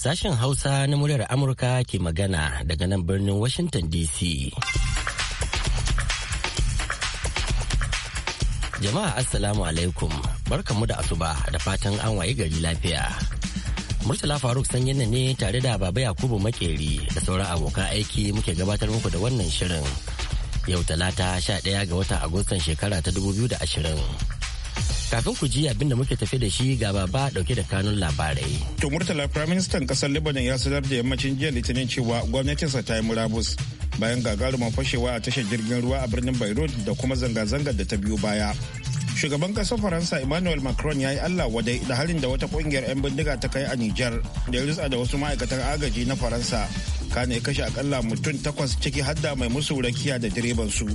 Sashen Hausa na muryar Amurka ke magana daga nan birnin Washington DC. Jama'a Assalamu alaikum mu da asuba da fatan an waye gari lafiya. Murtala Faruk sanyin ne tare da Baba Yakubu Makeri da sauran abokan aiki muke gabatar muku da wannan shirin. Yau talata 11 ga watan Agustan shekara ta 2020. Kafin ku ji abin da muke tafi da shi ga baba dauke da kanun labarai. To Murtala Prime Minister kasar Lebanon ya sanar da yammacin jiya Litinin cewa gwamnatinsa ta yi murabus bayan gagarumin fashewa a tashar jirgin ruwa a birnin Beirut da kuma zanga-zangar da ta biyo baya. Shugaban kasar Faransa Emmanuel Macron ya yi Allah wadai da harin da wata kungiyar 'yan bindiga ta kai a Nijar da ya rutsa da wasu ma'aikatan agaji na Faransa. Kane kashe akalla mutum takwas ciki hadda mai musu rakiya da direban su.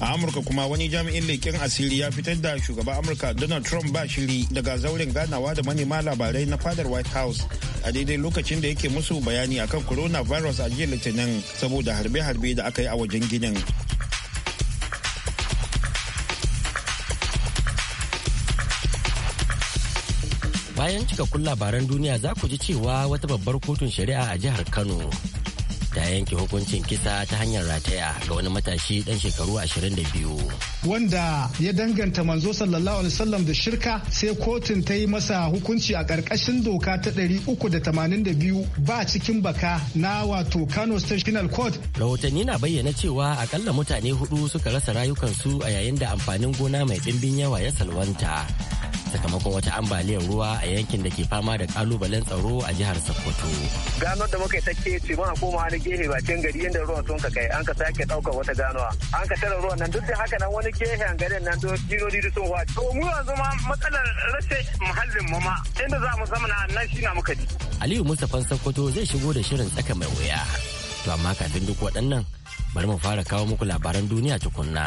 a amurka kuma wani jami'in leƙen asiri ya fitar da shugaban amurka donald trump ba shiri daga zauren ganawa da manema labarai na fadar white house a daidai lokacin da yake musu bayani akan coronavirus a jiya litinin saboda harbe-harbe da aka yi a wajen ginin bayan cikakkun labaran duniya za ku ji cewa wata babbar kotun shari'a a jihar kano ta yanke hukuncin kisa ta hanyar rataya ga wani matashi dan shekaru 22 wanda ya danganta manzo sallallahu alaihi wasallam da shirka sai kotun ta yi masa hukunci a ƙarƙashin doka ta 382 ba cikin baka na wato Kano Stational Court rahotanni na bayyana cewa akalla mutane hudu suka rasa rayukansu a yayin da amfanin gona mai ɗimbin yawa ya salwanta sakamakon wata ambaliyar ruwa a yankin da ke fama da kalubalen tsaro a jihar Sokoto. Gano da muka ta ke ce muna koma wani gehe bakin gari yadda ruwan sun ka kai an ka sake ɗaukar wata ganuwa. An ka tara ruwan nan duk da haka nan wani gehe an garin nan don jirori da sun wa. To mu yanzu ma matsalar rashin muhallin mu ma inda za mu zama nan shi na muka ji. Aliyu Mustapha Sokoto zai shigo da shirin tsaka mai wuya. To amma kafin duk waɗannan bari mu fara kawo muku labaran duniya tukunna.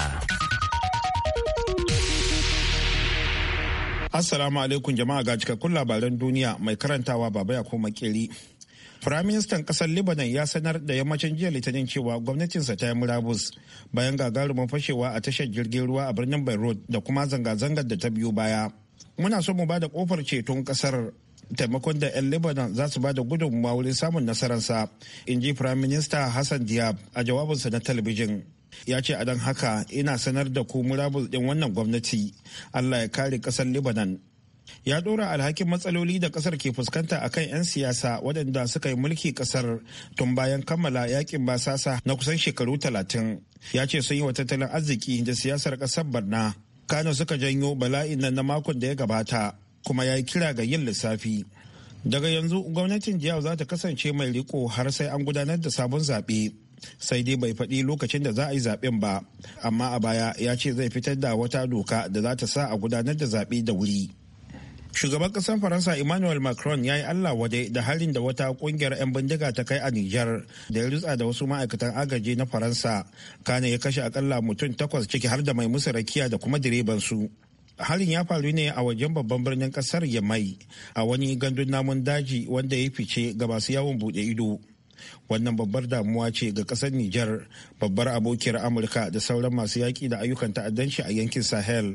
Assalamu alaikum jama'a ga cikakkun labaran duniya mai karantawa baba ya koma kiri. Firaministan ƙasar Lebanon ya sanar da yammacin jiya litinin cewa gwamnatinsa ta yi murabus bayan gagarumin fashewa a tashar jirgin ruwa a birnin Beirut da kuma zanga-zangar da ta biyo baya. Muna so mu ba da kofar ceton ƙasar taimakon da 'yan Lebanon za su ba da gudunmawa wurin samun nasararsa, in ji Firaminista Hassan Diab a jawabinsa na talabijin. ya ce a don haka ina sanar da ku murabus din wannan gwamnati allah ya kare kasar libanon ya dora alhakin matsaloli da kasar ke fuskanta akan 'yan siyasa waɗanda suka yi mulki kasar tun bayan kammala yakin basasa na kusan shekaru talatin ya ce sun yi wa tattalin arziki da siyasar kasar barna kano suka janyo bala'in nan na makon da ya gabata kuma ya yi kira ga yin lissafi daga yanzu gwamnatin jihar za ta kasance mai riko har sai an gudanar da sabon zaɓe sai dai bai faɗi lokacin da za a yi zaben ba amma a baya ya ce zai fitar da wata doka da za ta sa a gudanar da zaɓe da wuri shugaban ƙasar faransa emmanuel macron ya yi allah wadai da halin da wata ƙungiyar 'yan bindiga ta kai a niger da ya rutsa da wasu ma'aikatan agaji na faransa kane ya kashe akalla mutum takwas ciki har da mai musu rakiya da kuma direban su halin ya faru ne a wajen babban birnin kasar yamai a wani gandun namun daji wanda ya fice ga masu yawon bude ido wannan babbar damuwa ce ga kasar Nijar babbar abokiyar Amurka da sauran masu yaƙi da ayyukan ta'addanci a yankin Sahel.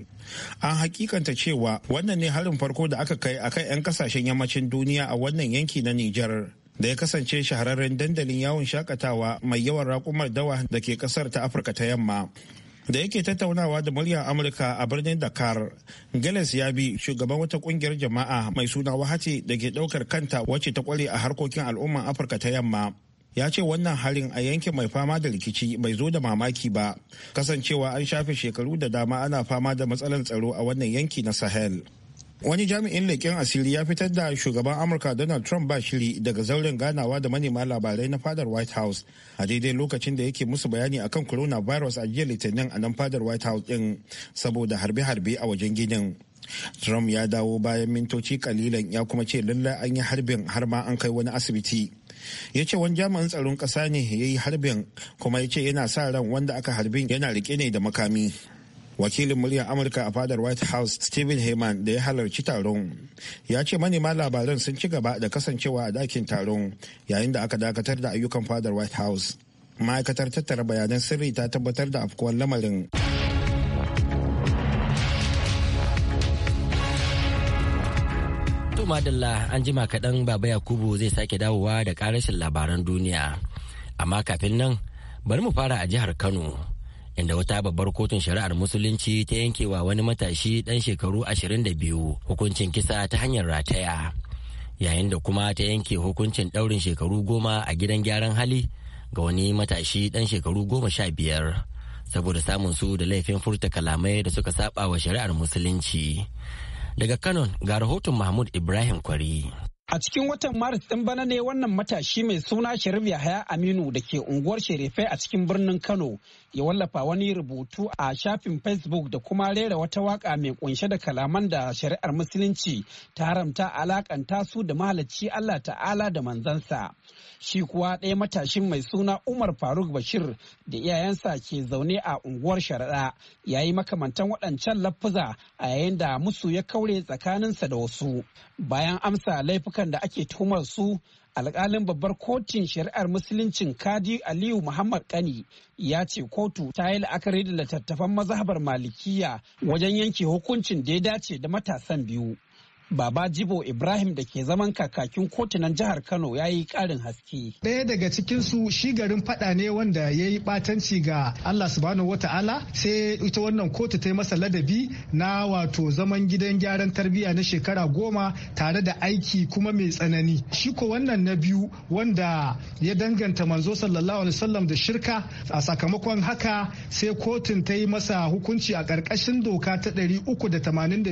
An hakikanta cewa wannan ne harin farko da aka kai akan 'yan kasashen yammacin duniya a wannan yanki na Nijar. da ya kasance shahararren dandalin yawon shakatawa mai yawan raƙumar dawa da ke ƙasar ta afirka ta yamma da yake tattaunawa da muryar amurka a birnin dakar gales ya bi shugaban wata kungiyar jama'a mai suna Wahati da ke daukar kanta wacce ta kware a harkokin al'umman afirka ta yamma ya ce wannan harin a yankin mai fama da rikici bai zo da mamaki ba kasancewa an shafe shekaru da dama ana fama da matsalar tsaro a wannan yanki na sahel wani jami'in leƙen asiri ya fitar da shugaban amurka donald trump ba shiri daga zauren ganawa da manema labarai na fadar white house a daidai lokacin da yake musu bayani akan coronavirus a jiya litinin a nan fadar white house din saboda harbe-harbe a wajen ginin trump ya dawo bayan mintoci kalilan ya kuma ce lallai an yi harbin har ma an kai wani asibiti ya ce wani jami'in tsaron kasa ne ya yi harbin kuma ya ce yana sa ran wanda aka harbin yana rike ne da makami wakilin muryar amurka a fadar white house stephen heyman da ya halarci taron ya ce manema labaran sun ci gaba da kasancewa a dakin taron yayin da aka dakatar da ayyukan fadar white house ma'aikatar tattara bayanan sirri ta tabbatar da afkuwar lamarin madalla an jima kaɗan baba yakubu zai sake dawowa da ƙarashin labaran duniya amma kafin nan bari mu fara a jihar kano inda wata babbar kotun shari'ar musulunci ta yankewa wani matashi dan shekaru 22 hukuncin kisa ta hanyar rataya yayin da kuma ta yanke hukuncin daurin shekaru goma a gidan gyaran hali ga wani matashi dan shekaru goma sha biyar saboda samun su da laifin furta kalamai da suka saba wa shari'ar musulunci daga kanon ga rahoton mahmud ibrahim kwari A cikin watan Maris din bana ne wannan matashi mai suna Sharif Yahaya Aminu da ke unguwar sharife a cikin birnin Kano ya wallafa wani rubutu a shafin Facebook da kuma rera wata waka mai kunshe da kalaman da shari'ar musulunci ta haramta alakanta su da mahalicci Allah Ta'ala da manzansa. Shi kuwa ɗaya matashin mai suna Umar Faruk Bashir da iyayensa ke zaune a unguwar Sharaɗa ya yi makamantan waɗancan lafuza a yayin da musu ya kaure tsakaninsa da wasu. Bayan amsa laifukan waɗanda ake tuhumar su alƙalin babbar kotun shari'ar musuluncin kadi aliyu muhammad kani ya ce kotu ta yi la'akari da littattafan mazhabar malikiya wajen yanke hukuncin da ya dace da matasan biyu Baba Jibo Ibrahim da ke zaman kakakin kotunan jihar Kano ya yi ƙarin haske. Ɗaya daga cikinsu shi garin faɗa ne wanda ya yi ɓatanci ga Allah subhanahu wata'ala sai ita wannan kotu ta yi masa ladabi na wato zaman gidan gyaran tarbiyya na shekara goma tare da aiki kuma mai tsanani. Shi ko wannan na biyu wanda ya danganta manzo sallallahu alaihi wasallam da shirka a sakamakon haka sai kotun ta yi masa hukunci a ƙarƙashin doka ta ɗari uku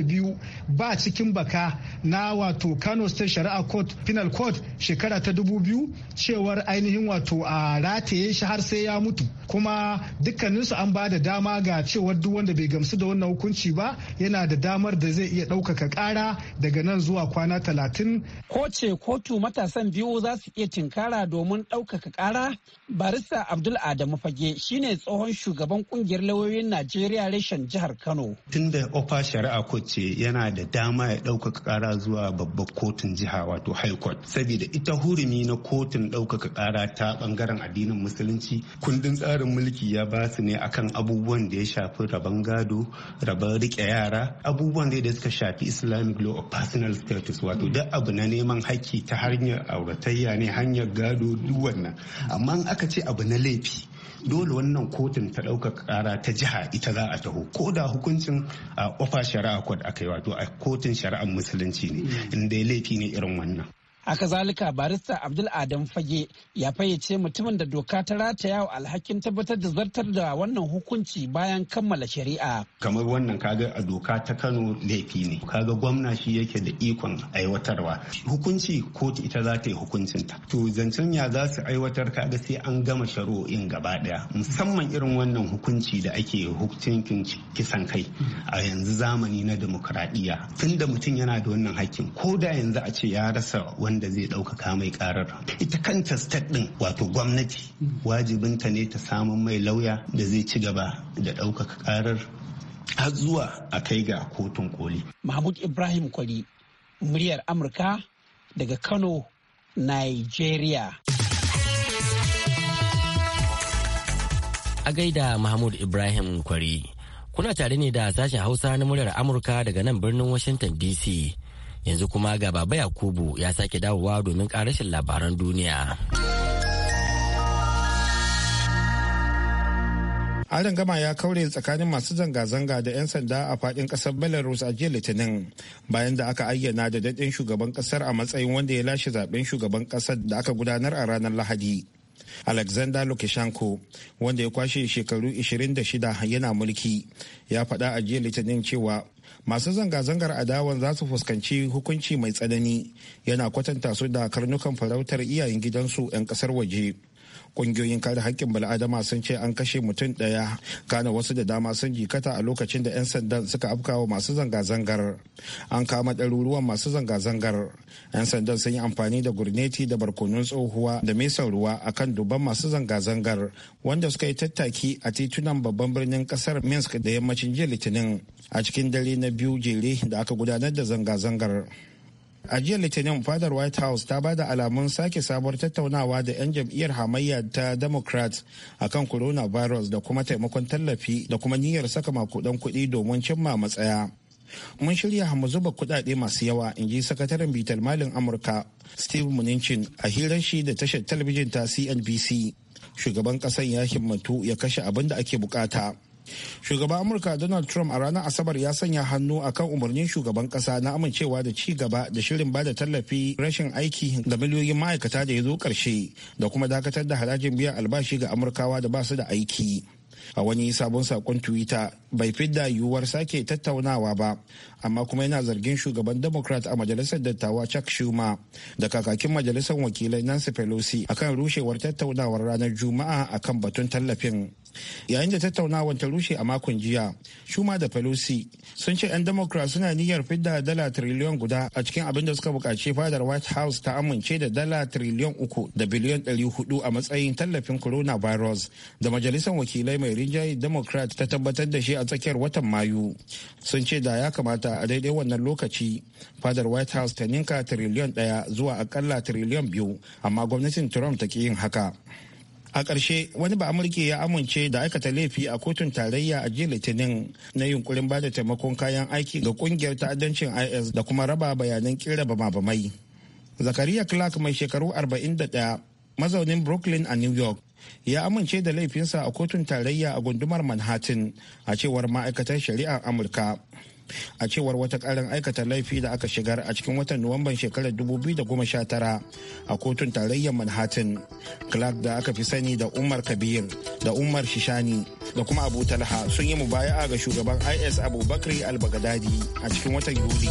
biyu ba cikin baka na wato Kano State Shari'a Court Penal Court shekara ta dubu biyu cewar ainihin wato a rataye shi har sai ya mutu kuma dukkaninsu an ba da dama ga cewar duk wanda bai gamsu da wannan hukunci ba yana da damar da zai iya ɗaukaka kara daga nan zuwa kwana talatin. Ko ce kotu matasan biyu za su iya tinkara domin ɗaukaka kara Barista Abdul Adamu Fage shine tsohon shugaban kungiyar lauyoyin Najeriya reshen jihar Kano. Tunda Opa Shari'a ko ce yana da dama ya ɗaukaka ɗaukaka ƙara zuwa babbar kotun jiha wato high court saboda ita hurumi na kotun ɗaukaka ƙara ta ɓangaren addinin musulunci kundin tsarin mulki ya ba su ne akan abubuwan da ya shafi rabon gado rabon riƙe yara abubuwan da suka shafi islamic law of personal status wato duk abu na neman haƙƙi ta hanyar auratayya ne hanyar gado duk wannan amma aka ce abu na laifi dole wannan kotun ta ɗauka ƙara ta jiha ita za a taho ko da hukuncin a ofa shari'a kwad aka yi wato a kotun shari'ar musulunci ne mm. inda laifi ne irin wannan a kazalika barista abdul adam fage ya fayyace mutumin da doka ta rataya wa alhakin tabbatar da zartar da wannan hukunci bayan kammala shari'a kamar wannan kaga a doka ta kano laifi ne kaga gwamna shi yake da ikon aiwatarwa hukunci kotu ita za ta yi hukuncin ta. to zancen ya za su aiwatar kaga sai an gama shari'o'in gaba daya musamman irin wannan hukunci da ake hukuncin kisan kai a yanzu zamani na demokradiyya tunda mutum yana da wannan hakkin ko da yanzu a ce ya rasa wani wanda zai ɗaukaka mai karar ita kanta state ɗin wato gwamnati wajibinta ne ta samun mai lauya da zai ci gaba da ɗaukaka karar har zuwa a kai ga kotun koli mahmud ibrahim kwali muryar amurka daga kano nigeria a gaida mahmud ibrahim kwari kuna tare ne da sashen hausa na muryar amurka daga nan birnin washington dc yanzu kuma ga baba yakubu ya sake dawowa domin karashin labaran duniya an gama ya kaure tsakanin masu zanga-zanga da 'yan sanda a fadin kasar belarus a jiya litinin bayan da aka ayyana da daɗin shugaban kasar a matsayin wanda ya lashe zaben shugaban kasar da aka gudanar a ranar lahadi alexander lukashenko wanda ya kwashe shekaru 26 yana mulki ya faɗa a jiya litinin cewa masu zanga-zangar adawan za su fuskanci hukunci mai tsanani yana kwatanta su da karnukan farautar iyayen gidansu 'yan kasar waje kungiyoyin kare hakkin bal'adama sun ce an kashe mutum daya kana wasu da dama sun jikata a lokacin da 'yan sandan suka afkawa masu zanga-zangar an kama ɗaruruwan masu zanga-zangar 'yan sandan sun yi amfani da gurneti da barkonun tsohuwa da mesan ruwa akan dubban masu zanga-zangar wanda suka yi tattaki a titunan babban birnin kasar minsk da yammacin jiya litinin a cikin dare na biyu jere da aka gudanar da zanga-zangar a jiya litinin fadar white house ta bada alamun sake sabuwar tattaunawa da 'yan jam'iyyar hamayya ta democrat akan coronavirus da kuma taimakon tallafi da kuma niyyar saka makudan kuɗi domin cimma matsaya mun shirya mu zuba kuɗaɗe masu yawa in ji sakataren bitar malin amurka steve mnuchin a hirar shi da tashar talabijin ta cnbc shugaban ƙasar ya himmatu ya kashe abin da ake bukata shugaban amurka donald trump a ranar asabar ya sanya hannu akan umarnin shugaban kasa na amincewa da ci gaba da shirin ba da tallafi rashin aiki da miliyoyin ma'aikata da ya zo karshe da kuma dakatar da harajin biyan albashi ga amurkawa da ba su da aiki a wani sabon sakon twitter bai fidda yiwuwar sake tattaunawa ba amma kuma yana zargin shugaban democrat a majalisar dattawa chuck schumer da kakakin majalisar wakilai nancy pelosi akan rushewar tattaunawar ranar juma'a akan batun tallafin yayin da tattaunawar ta rushe a makon jiya shuma da pelosi sun ce 'yan democrat suna niyyar fidda dala triliyon guda a cikin abin da suka bukaci fadar white house ta amince da dala triliyon uku da biliyon ɗari hudu a matsayin tallafin coronavirus da majalisar wakilai mai rinjaye democrat ta tabbatar da shi a tsakiyar watan mayu sun ce da ya kamata a daidai wannan lokaci fadar white house ta ninka triliyon ɗaya zuwa akalla triliyon biyu amma gwamnatin trump ta ki yin haka a ƙarshe wani ba amurke ya amince da aikata laifi a kotun tarayya a jiya litinin na yunkurin da taimakon kayan aiki ga ƙungiyar ta'addancin is da kuma raba bayanan kira bama-bamai zakariya clark mai shekaru 41 mazaunin brooklyn a new york ya amince da laifinsa a kotun tarayya a gundumar manhattan a cewar ma'aikatar shari'ar amurka a cewar wata karin aikata laifi da aka shigar a cikin watan nuwamban shekarar 2019 a kotun tarayyar manhattan clark da aka fi sani da umar kabir da umar shishani da kuma abu talha sun yi mubaya'a ga shugaban is abubakri bakri a cikin watan yuli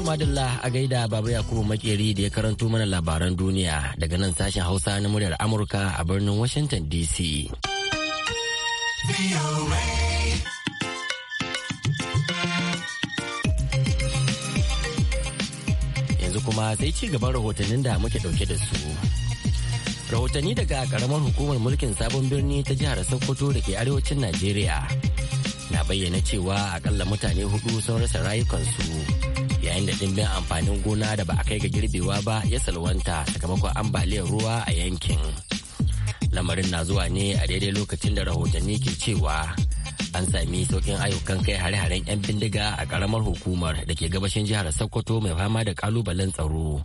madalla a gaida baba yakubu makeri da ya karanto mana labaran duniya daga nan sashen hausa na muryar amurka a birnin washington dc yanzu kuma sai ci gaban rahotannin da muke dauke da su. Rahotanni daga karamar hukumar mulkin sabon birni ta jihar Sokoto da ke arewacin Najeriya na bayyana cewa akalla mutane hudu sun rasa rayukansu yayin da dimbin amfanin gona da ba a kai ga girbewa ba ya salwanta sakamakon ambaliyar ruwa a yankin. Lamarin na zuwa ne a daidai lokacin da rahotanni ke cewa an sami saukin ayyukan kai hare-haren 'yan bindiga a karamar hukumar da ke gabashin jihar sokoto mai fama da kalubalen tsaro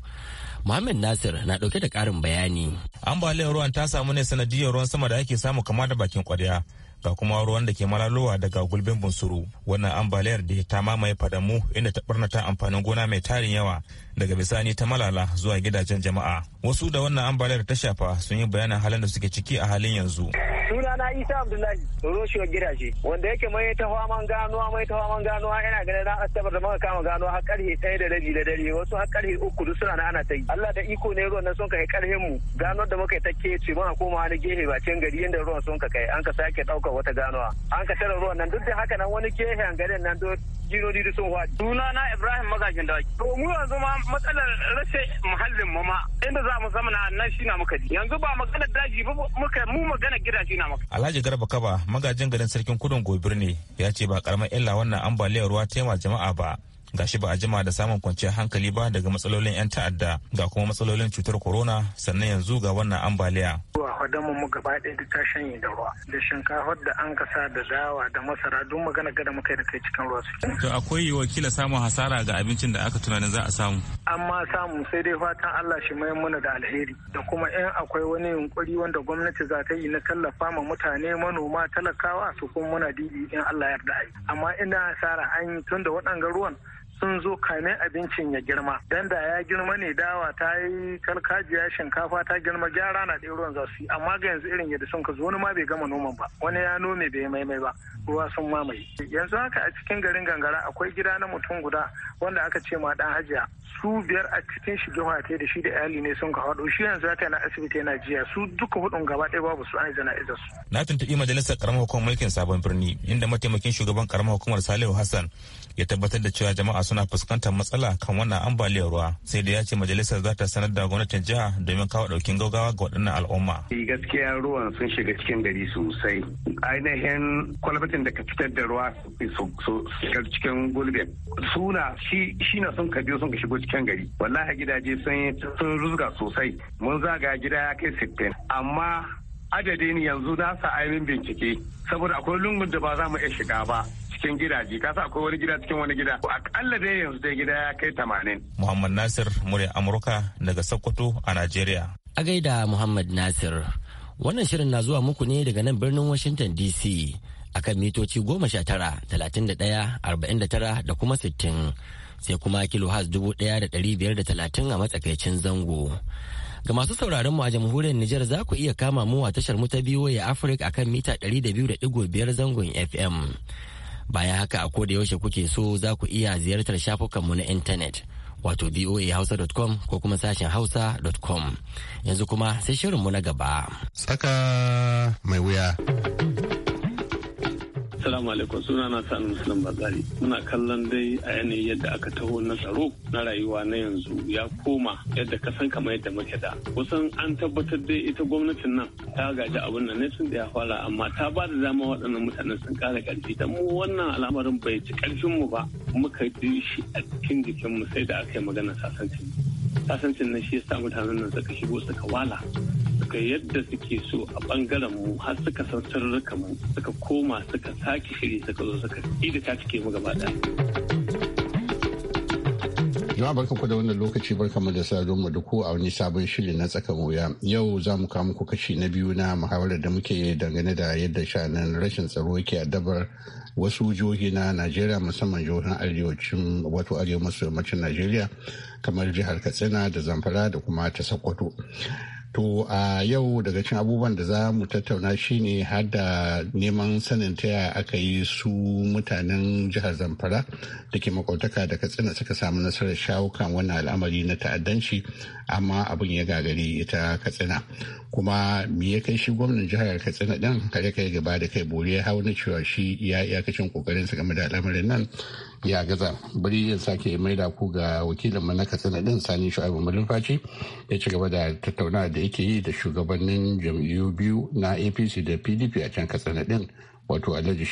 Muhammad Nasir na dauke da karin bayani. Ambaliyar ruwan ta samu ne sanadiyar ruwan sama da ake samu kama da bakin kwarya ga kuma ruwan da ke malalowa daga gulbin bunsuru. Wannan ambaliyar da ta mamaye fadamu inda ta barnata amfanin gona mai tarin yawa daga bisani ta malala zuwa gidajen jama'a wasu da wannan ambaliyar ta shafa sun yi bayanin halin da suke ciki a halin yanzu sunana isa abdullahi roshiwa gidaje wanda yake mai ta faman ganuwa mai ta ganuwa yana ganin na asabar da muka kama ganuwa a karhe ɗaya da rabi da dare wasu har karhe uku duk suna na ana ta yi allah da iko ne ruwan nan sun kai karhen mu ganuwar da muka yi ta ce muna koma wani gehe ba can gari yadda ruwan sun kai an ka sake ɗaukar wata ganuwa an ka tara ruwan nan duk da haka nan wani gehen garin nan duk jirodi da tsohuwa duna na ibrahim magajin dawaki to mu yanzu ma matsalar rashe muhallin mu ma inda za mu zama nan shi na muka ji yanzu ba maganar daji ba muka mu maganar shi na muka alhaji garba kaba magajin garin sarkin kudin gobir ne ya ce ba karamar illa wannan ambaliyar ruwa ta jama'a ba gashi ba a jima da samun kwanciyar hankali ba daga matsalolin 'yan ta'adda ga kuma matsalolin cutar corona sannan yanzu ga wannan ambaliya. Ruwa mu gaba ɗaya da ta shanye da ruwa da shinkafar da an kasa da dawa da masara duk magana gada muka yi da kai cikin ruwa suke. To akwai yiwuwar kila samun hasara ga abincin da aka tunanin za a samu. Amma samu sai dai fatan Allah shi mai muna da alheri da kuma in akwai wani yunkuri wanda gwamnati za ta yi na tallafa ma mutane manoma talakawa su kuma muna dibi in Allah yarda ai. Amma ina hasara an yi tun da waɗanga ruwan sun zo kane abincin ya girma dan da ya girma ne dawa ta yi kalkajiya shinkafa ta girma gyara na ɗaya ruwan za yi amma ga yanzu irin yadda sun ka zo wani ma bai gama noman ba wani ya nome bai maimai ba ruwa sun mamaye yanzu haka a cikin garin gangara akwai gida na mutum guda wanda aka ce ma dan hajiya su biyar a cikin shi gihwate da shi da iyali ne sun ka haɗu shi yanzu haka na asibiti yana jiya su duka hudun gaba ɗaya babu su an jana'izar su. na tuntuɓi majalisar karamar hukumar mulkin sabon birni inda mataimakin shugaban karamar hukumar salihu hassan ya tabbatar da cewa jama'a suna fuskantar matsala kan wannan ambaliyar ruwa sai da ya ce majalisar za ta sanar da gwamnatin jiha domin kawo daukin gaugawa ga waɗannan al'umma. Eh, gaskiya ruwan sun shiga cikin gari sosai ainihin kwalbatin da ka fitar da ruwa su cikin gulbin suna shi na sun kabiyo sun ka shigo cikin gari wallahi gidaje sun ruzga sosai mun zaga gida ya kai sittin amma ne yanzu na sa ainihin bincike saboda akwai lungun da ba za mu iya shiga ba cikin gidaje kasa akwai wani gida cikin wani gida ko akalla dai yanzu dai gida ya kai tamanin. Muhammad Nasir murya Amurka daga Sokoto a Najeriya. A gaida Muhammad Nasir wannan shirin na zuwa muku ne daga nan birnin Washington DC akan mitoci goma sha tara talatin da ɗaya arba'in da tara da kuma sittin sai kuma kilo has dubu ɗaya da ɗari biyar da talatin a matsakaicin zango. Ga masu sauraron mu a jamhuriyar Nijar za ku iya kama mu a tashar mu ta ya Africa akan mita 200.5 zangon FM. Bayan haka a koda yaushe kuke so za ku iya ziyartar mu na intanet wato voahausa.com ko kuma sashen hausa.com. Yanzu kuma sai shirinmu na gaba. Saka mai wuya. Assalamu alaikum suna na sani Muslim Bazari. Muna kallon dai a yanayi yadda aka taho na tsaro na rayuwa na yanzu ya koma yadda ka san kamar yadda muke da. Kusan an tabbatar dai ita gwamnatin nan ta gaji abin nan ne sun da ya fara amma ta ba da dama waɗannan mutanen sun ƙara ƙarfi mu wannan al'amarin bai ci ƙarfin mu ba muka ji shi a cikin jikinmu sai da aka yi magana sasancin. Sasancin nan shi ya sa mutanen nan suka shigo suka wala suka yadda suke so a bangaren mu har suka san raka mu suka koma suka sake shiri suka zo suka da ta cike mu gaba Jama'a barkan ku da wannan lokaci barka mu da sadon mu da ku a wani sabon shiri na tsakan wuya. Yau za mu kawo muku kashi na biyu na muhawarar da muke dangane da yadda shanan rashin tsaro yake addabar wasu jihohi na najeriya musamman jihohin arewacin wato arewa maso yammacin najeriya kamar jihar katsina da zamfara da kuma ta sokoto To a yau daga cin abubuwan da za mu tattauna shine har da neman sanin ta yaya aka yi su mutanen jihar Zamfara da ke makwautaka da Katsina suka samu nasarar shawukan kan wannan al'amari na ta'addanci amma abin ya gagari ita Katsina. kuma me ya kai shi gwamnan jihar katsina din ka kai gaba da kai bori ya hau na cewa shi ya iyakacin kokarin su game da al'amarin nan ya gaza bari ya sake maida ku ga wakilin mu na katsina din sani shu'aibu malumfaci ya ci gaba da tattaunawa da yake yi da shugabannin jam'iyyu biyu na apc da pdp a can katsina din wato alhaji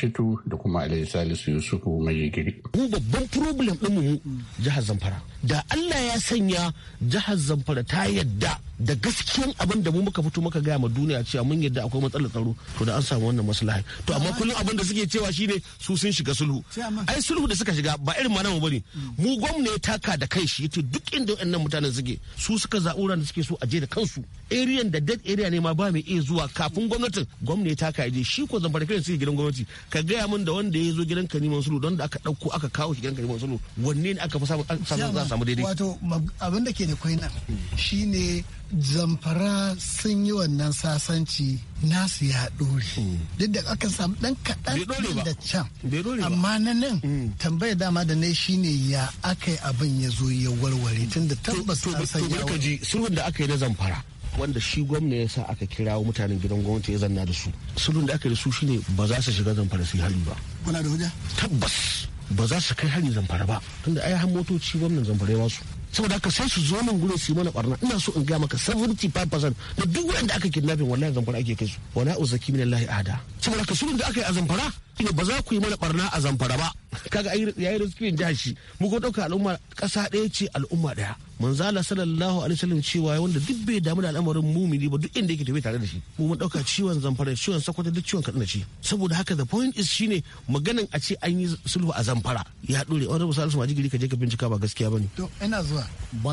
shitu da kuma alhaji salisu yusufu majigiri. mu babban problem mu jihar zamfara da allah ya sanya jihar zamfara ta yadda da gaskiyan abin da mu muka fito muka gaya ma duniya cewa mun yadda akwai matsalar tsaro to da an samu wannan maslaha to amma kullum abin da suke cewa shine su sun shiga sulhu ai sulhu da suka shiga ba irin manamu bane mu gwamna ya taka da kai shi yace duk inda wayannan mutanen suke su suka zaɓi da suke so a je da kansu area da dead area ne ma ba mai iya zuwa kafin gwamnatin gwamna ya taka ya je shi ko zamfara kwanakin da gidan gwamnati ka gaya min da wanda ya zo gidan kani mansuru don da aka ɗauko aka kawo shi gidan kani mansuru wanne ne aka fi samu za samu daidai wato abin da ke da kwai nan shine zamfara sun yi wannan sasanci nasu ya dore duk da aka samu dan kaɗan da can amma na nan hmm. tambayar dama da nai shine ya aka yi abin ya zo ya warware tun da tabbas sun ya sulhun da aka yi na zamfara wanda shi gwamna ya sa aka kirawo mutanen gidan gwamnati ya zanna da su sulun da aka da su shine ba za su shiga zamfara su hari ba kuna da hujja tabbas ba za su kai hari zamfara ba tunda ai har motoci gwamnan zamfara ya su saboda haka sai su zo nan gurin su yi mana barna ina so in ga maka 75% da duk wanda aka kidnapping wallahi zamfara ake kai su wala uzaki minallahi Allah ahada saboda haka sulun da aka yi a zamfara ba za ku yi mana barna a zamfara ba kaga yayi rizkin shi mu ko dauka al'umma kasa daya ce al'umma ɗaya manzala sallallahu alaihi wasallam cewa wanda duk bai damu da al'amarin mumini ba duk inda yake tafi tare da shi mu mun dauka ciwon zamfara ciwon sakwata duk ciwon kaduna ce saboda haka the point is shine maganan a ce an yi sulhu a zamfara ya dore wani misali sun ka je ka bincika ba gaskiya bane to ina zuwa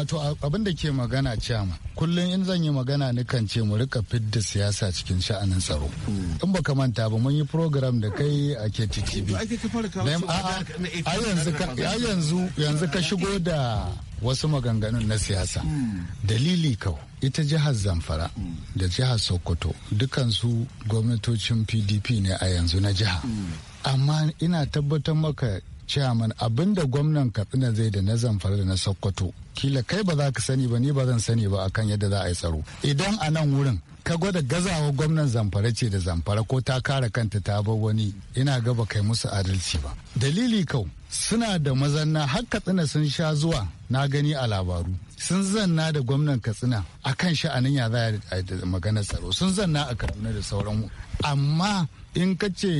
to abin da ke magana ciyama kullum in zan yi magana ni kan ce mu rika fidda siyasa cikin sha'anin tsaro in baka manta ba mun yi program da kai AKT A yanzu ka shigo da wasu maganganun na siyasa. Hmm. Dalili kau ita jihar Zamfara hmm. da jihar Sokoto dukansu gwamnatocin PDP ne a yanzu na jiha. Hmm. Amma ina tabbatar maka chairman abinda gwamnan katsina zai da na zamfara da na sokoto kila kai ba za ka sani ba ni ba zan sani ba akan yadda za a yi tsaro idan a nan wurin ka gwada gazawa gwamnan zamfara ce da zamfara ko ta kare kanta ta bar wani ina gaba kai musu adalci ba dalili kau suna da mazanna har katsina sun sha zuwa na gani a labaru sun zanna da gwamnan katsina a kan sha'anin ya za a maganar tsaro sun zanna a kaduna da sauran amma in ka ce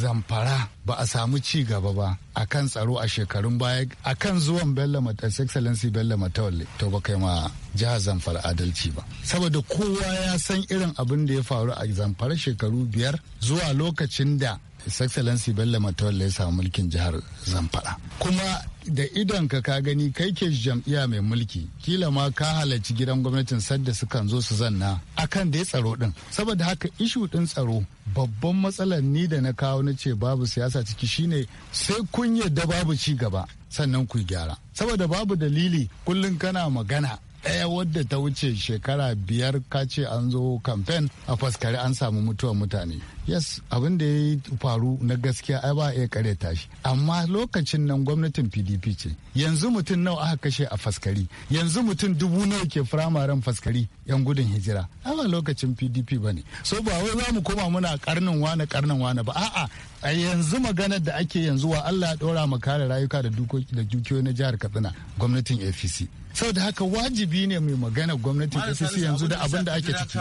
zamfara ba a samu ci gaba ba a kan tsaro a shekarun baya a kan zuwan bello matas excellency bello matawalle to ba kai ma jihar zamfara adalci ba saboda kowa ya san irin abin da ya faru a zamfara shekaru biyar zuwa lokacin da his excellency bello matawalle ya samu mulkin jihar zamfara kuma da idon ka ka gani kai ke jam'iyya mai mulki kila ma ka halarci gidan gwamnatin sadda sukan zo su zanna akan da ya tsaro din saboda haka ishu din tsaro babban matsalar ni da na kawo na ce babu siyasa ciki shine sai kun yadda babu ci gaba sannan ku gyara saboda babu dalili kullum kana magana ɗaya eh, wadda ta wuce shekara biyar ka ce an zo kamfen a faskari an samu mutuwar mutane yes abin da ya yi faru na gaskiya ai ba iya kare tashi amma lokacin nan gwamnatin pdp ce yanzu mutum nawa aka kashe a faskari yanzu mutum dubu nawa ke firamaren faskari yan gudun hijira ba lokacin pdp ba ne so ba wai za mu koma muna karnin wane karnin wane ba a'a a yanzu maganar da ake yanzu wa allah ya dora mu kare rayuka da dukiyoyi na jihar katsina gwamnatin apc saboda haka wajibi ne mai magana gwamnatin ACC yanzu da abin da ake ciki.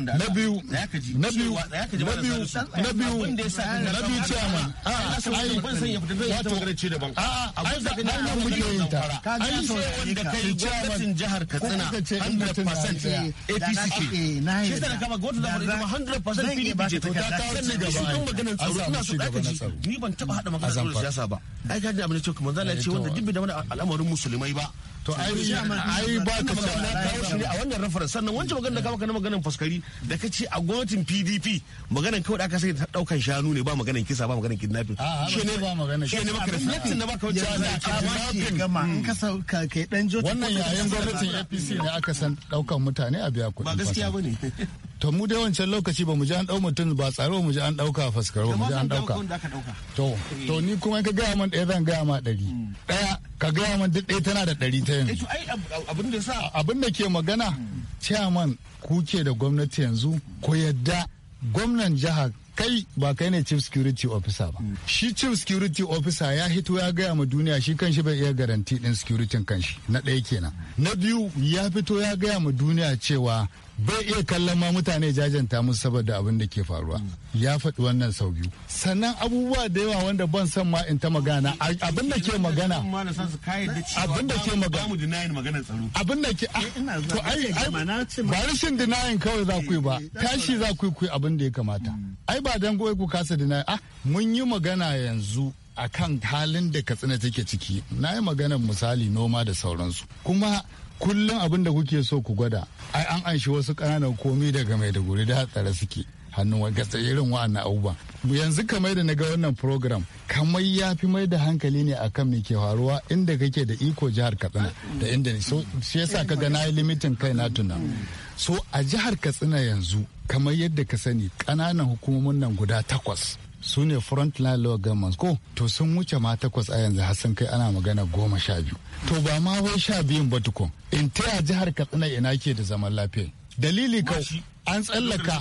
na biyu na biyu na biyu na biyu chairman a ah, ah, ai ban san ya fita ya a a ai da ai muke yin ta ai so wanda kai chairman jihar Katsina 100% APC ke shi sai kama gwamnati da kuma 100% PDP ce ta kawo ci gaba ai maganar tsaro ina so daka ji ni ban taba hada maganar tsaro siyasa ba ai kaji abin da ce kuma zalla ce eh, wanda dibbi da wani al'amarin musulmai ba to ai ai ba ka ce na kawo shi ne a wannan reference sannan wancan magana da ka maka na maganar faskari da ka ce a gwamnatin PDP maganar kawai da aka sai ta daukan shanu ne ba maganar kisa ba maganar kidnapping shi ne ba maganar shi ne maka reflection na baka wacce da kidnapping gama in ka sauka kai dan jota wannan yayin gwamnatin APC ne aka san daukan mutane a biya kuɗi ba gaskiya bane to mu dai wancan lokaci ba mu ji an dau mutum ba tsaro mu ji an dauka fuskar ba mu ji an dauka to to ni kuma ka gaya man ɗaya zan gaya ma ɗari hmm. ɗaya ka gaya man duk ɗaya tana da ɗari ta yanzu eh, abin da ke magana hmm. chairman kuke da gwamnati yanzu ko yadda gwamnan jihar kai ba kai ne chief security officer ba hmm. shi chief security officer ya hito ya gaya ma duniya shi kanshi bai iya garanti din security kanshi na ɗaya kenan na biyu ya fito ya gaya ma duniya cewa bai iya kallon ma mutane jajanta mu saboda abin da ke faruwa ya faɗi wannan sau biyu sannan abubuwa da yawa wanda ban san ma in ta magana abin da ke magana abin da ke magana abin da ke ah, eh, to ai ba rashin dinayin kawai za ku yi ba eh, eh, tashi za ku yi ku abin da ya kamata hmm. ai ba dan goyi ku kasa dinayin ah mun yi magana yanzu akan halin da katsina take ciki na yi maganar misali noma da sauransu kuma kullum abin da kuke so ku gwada ai an anshi wasu ƙananan komi daga maiduguri da hatsara suke hannun gasa irin wa'annan abubuwan yanzu kamar da na ga wannan program kamar ya fi mai da hankali ne akan me ke faruwa inda kake da iko jihar katsina da inda ne shi yasa ka ga na yi limitin kai na tuna so a jihar katsina yanzu kamar yadda ka sani ƙananan hukumomin nan guda takwas su ne front line local governments ko to sun wuce ma takwas a yanzu Hassan kai ana magana goma sha biyu to ba ma wai sha biyun ba tukun in taya jihar katsina ina ke da zaman lafiya dalili ka an tsallaka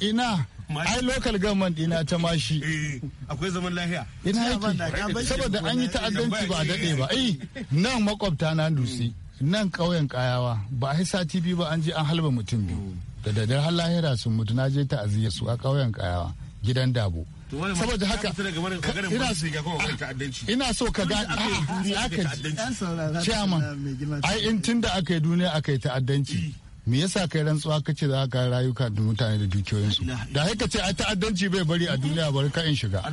ina ai local government dina ta mashi eh, akwai zaman lahiya ina yake saboda an yi ta'addanci ba daɗe ba eh nan makwabta na dusi nan ƙauyen kayawa ba a sati biyu ba an je an halba mutum biyu da dadar har lahira sun mutu na je ta'aziyya su a ƙauyen kayawa gidan dabo saboda haka ina so ka ga aka ji ai in tun da aka yi duniya aka yi ta'addanci mm. me yasa kai rantsuwa kace za ka rayuka da mutane da dukiyoyinsu da haka ce ai ta'addanci bai bari a duniya bari ka in shiga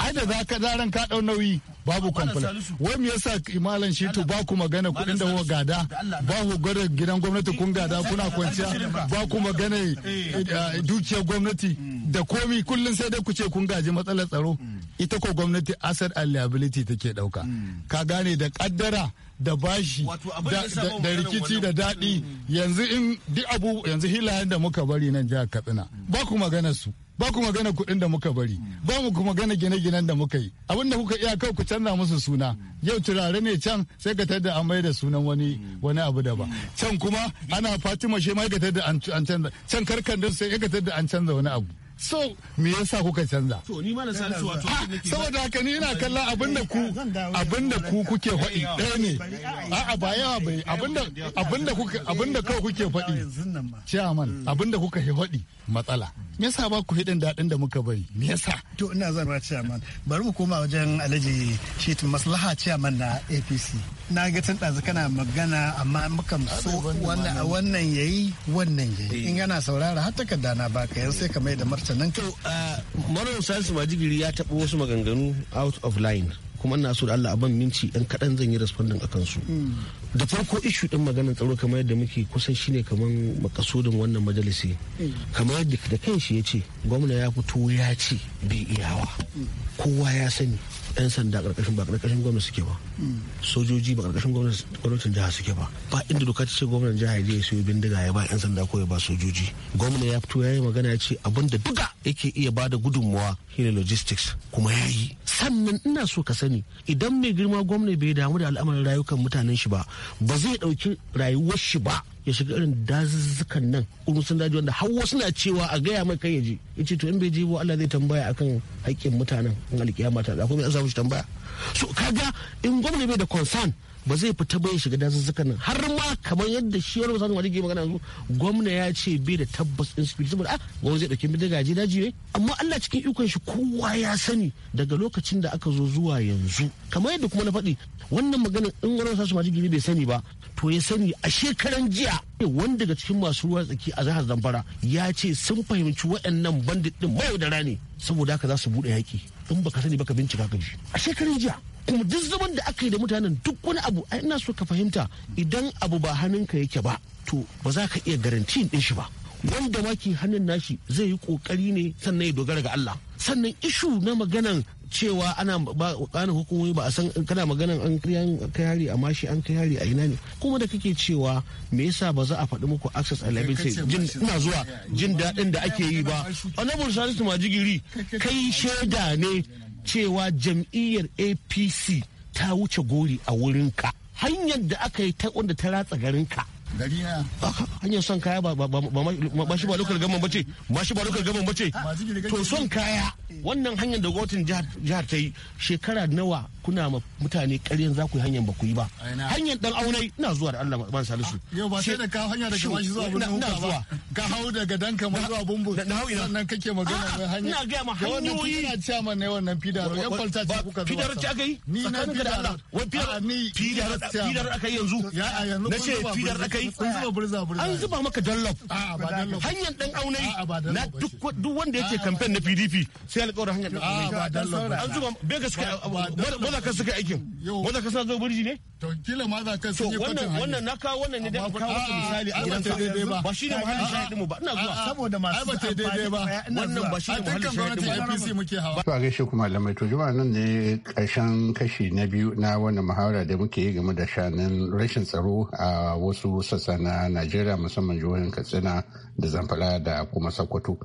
ai da za ka zaran ka dau nauyi babu kwamfula wai me yasa imalan shi to ba ku magana kuɗin da gada ba ku gwada gidan gwamnati kun gada eh, kuna eh, kwanciya ba ku magana eh, dukiyar gwamnati hmm. da komi kullum sai dai ku ce kun gaji matsalar tsaro hmm. ita ko gwamnati asset and liability take dauka hmm. ka gane da kaddara da bashi da rikici da daɗi yanzu in duk abu yanzu hilayen da muka bari nan jihar katsina ba ku magana su ba ku magana kuɗin da muka bari ba mu kuma gana gine-ginen da muka yi abin da kuka iya kai ku canza musu suna yau turare ne can sai ka tada an da sunan wani wani abu da ba can kuma ana fatima shi ma ka tada an canza can karkandin sai ka tada an canza wani abu so me yasa kuka canza to ni ma san su wato saboda haka ni ina kallon abinda ku abinda ku kuke faɗi ɗaya ne a ba yawa bai abinda abinda kuka abinda kawai kuke faɗi chairman abinda kuka faɗi matsala me yasa ba ku hidin daɗin da muka bari me yasa to ina zan ba chairman bari mu koma wajen Alhaji tun maslaha chairman na APC na ga tun ɗazu kana magana amma mukan so wannan ya yi wannan ya yi. Eh. in yana saurara har takarda na baka yan sai ka mai da martanin to ah, manon salisu majigiri ya taɓa wasu maganganu out of line kuma ina so da Allah ban minci ɗan kaɗan zan yi responding a kansu mm. da farko ishu ɗin maganar tsaro kamar yadda muke kusan shine kamar makasudin wannan majalisi mm. kamar yadda da kan shi ya ce gwamna ya fito ya ce bi iyawa mm. kowa ya sani 'yan sanda ƙarƙashin ba ƙarƙashin gwamna suke ba sojoji ba ƙarƙashin gwamnatin jiha suke ba ba inda doka ta ce gwamnan jiha ya siyo bindiga ya ba 'yan sanda ko ya ba sojoji gwamna ya fito ya yi magana ya ce abinda duka yake iya ba da shine logistics kuma ya yi sannan ina so ka sani ne idan mai girma gwamna bai damu da al'amarin rayukan mutanen shi ba ba zai ɗauki rayuwar shi ba ya shiga irin dazuzzukan nan urusun daji wanda har wasu na cewa a gaya mai kai ya je ya ce to in bai je ba Allah zai tambaya akan haƙƙin mutanen in alƙiyama ta da kuma an samu shi tambaya so kaga in gwamna bai da concern ba zai fita bai shiga dazuzzukan nan har ma kamar yadda shi wani musamman wani magana yanzu gwamna ya ce bai da tabbas in su saboda ah gwamna zai dauki bindiga je daji ne amma Allah cikin ikon shi kowa ya sani daga lokacin da aka zo zuwa yanzu kamar yadda kuma na faɗi wannan maganar in wani musamman wani gini bai sani ba to ya sani a shekaran jiya wani daga cikin masu ruwa tsaki a jihar Zamfara ya ce sun fahimci waɗannan bandit din mai da rani saboda haka za su buɗe yaƙi in baka sani baka bincika ka ji a shekarun jiya kuma duk zaman da aka yi da mutanen duk wani abu ina so ka fahimta idan abu ba hannunka yake ba to ba za ka iya garanti din shi ba wanda ma ke hannun nashi zai yi kokari ne sannan ya dogara ga Allah sannan ishu na maganan cewa ana ba kana hukumomi ba a san kana maganan an kai hari a shi an kai hari a ina ne kuma da kake cewa me yasa ba za a faɗi muku access a liability jin ina zuwa jin daɗin da ake yi ba honorable salisu majigiri kai shaida ne cewa jam'iyyar apc ta wuce gori a wurinka hanyar da aka yi ta wanda ta ratsa garinka gari hanyar son kaya ba ba ba ba shi ba lokal gaman bace ba shi ba lokal gaman bace to son kaya wannan hanyar da gwamnatin jihar ta yi shekara nawa kuna ma mutane ƙaryan za ku yi hanyar ba ku yi ba hanyar dan aunai ina zuwa da Allah ban salisu ah, yau ba sai da ka hanya da kamar zuwa bumbun ba ka hau daga dan kamar zuwa ina sannan kake magana mai ah, hanya ina ga ma hanyoyi ina cewa man ne wannan fidaro ya kwalta ce kuka zuwa fidaro ce aka yi ni na fidaro wai fidaro ah, fidaro aka yi yanzu na ce fidaro aka yi ai an zuba maka dallop hanyar dan aunai na duk wanda ce kamfen na pdp sai alƙawarin hanyar dan aunai an zuba bai ga suka ka suka aikin wadda ka zo burji ne to kila ma za ka kwatan wannan na kawo wannan ne da kawo misali ba shi ne muhallin shahidin mu ba ina zuwa saboda masu ai ba ta daidai ba wannan ba shi ne muhallin shahidin mu APC muke hawa to gaishe ku malamai to nan ne karshen kashi na biyu na wannan muhawara da muke yi game da shanin rashin tsaro a wasu sassa na najeriya musamman jihohin katsina da zamfara da kuma sokoto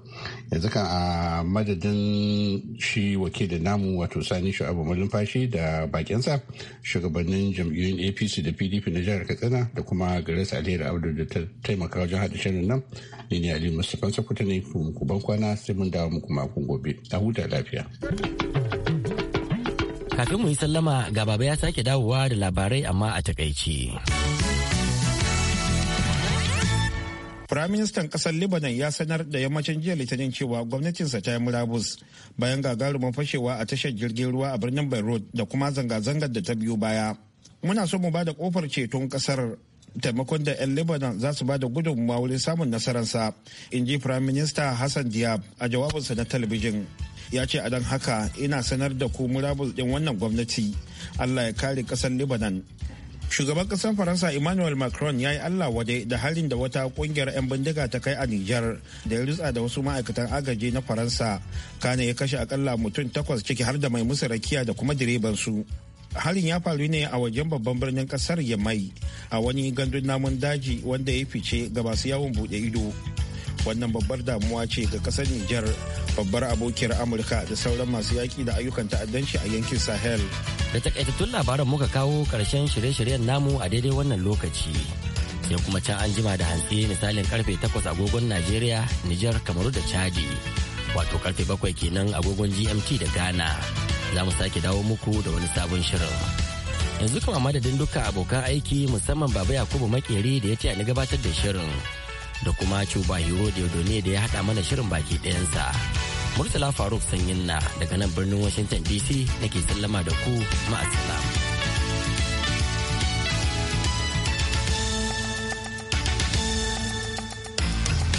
yanzu kan a madadin shi wakili namu wato sani shu'abu malumfashi da bakinsa shugabannin jam'iyyun apc da pdp na jihar katsina da kuma grace alheri Abdul da ta taimaka wajen haɗa shirin nan ni ne ali mustapha sokoto ne ku ban kwana sai mun dawo muku makon gobe a huta lafiya kafin mu yi sallama ga baba ya sake dawowa da labarai amma a takaice. Firaministan ƙasar Lebanon ya sanar da yammacin jiya Litinin cewa gwamnatinsa ta yi murabus bayan gagarumin fashewa a tashar jirgin ruwa a birnin Beirut da kuma zanga-zangar da ta biyo baya. Muna so mu ba da kofar ceton kasar taimakon da 'yan Lebanon za su ba da gudunmawa wurin samun nasararsa, in ji Firaminista Hassan Diab a jawabinsa na talabijin. ya ce a don haka ina sanar da ku murabus din wannan gwamnati allah ya kare kasar lebanon shugaban kasar faransa emmanuel macron ya yi allah waje da halin da wata kungiyar 'yan bindiga ta kai a niger da ya rutsa da wasu ma'aikatan agaji na faransa kane ya kashe akalla mutum takwas ciki har da mai musu rakiya da kuma direban su halin ya faru ne a wajen babban birnin kasar yamai a wani gandun namun daji wanda ya fice ga masu yawon bude ido wannan babbar damuwa ce ga kasar Nijar babbar abokiyar Amurka da sauran masu yaki da ayyukan ta'addanci a yankin Sahel. Da takaitattun labaran muka kawo karshen shirye-shiryen namu a daidai wannan lokaci. Sai kuma can an jima da hantsi misalin karfe 8 agogon Najeriya, Nijar, Kamaru da Chadi. Wato karfe 7 kenan agogon GMT da Ghana. Za mu sake dawo muku da wani sabon shirin. yanzu kuma madadin duka abokan aiki musamman baba yakubu makeri da ya ce ni gabatar da shirin da kuma cuba hero ne da ya haɗa mana shirin baki ɗayansa murtala faruk sanyin na daga nan birnin washington dc nake sallama da ku ma'asalam.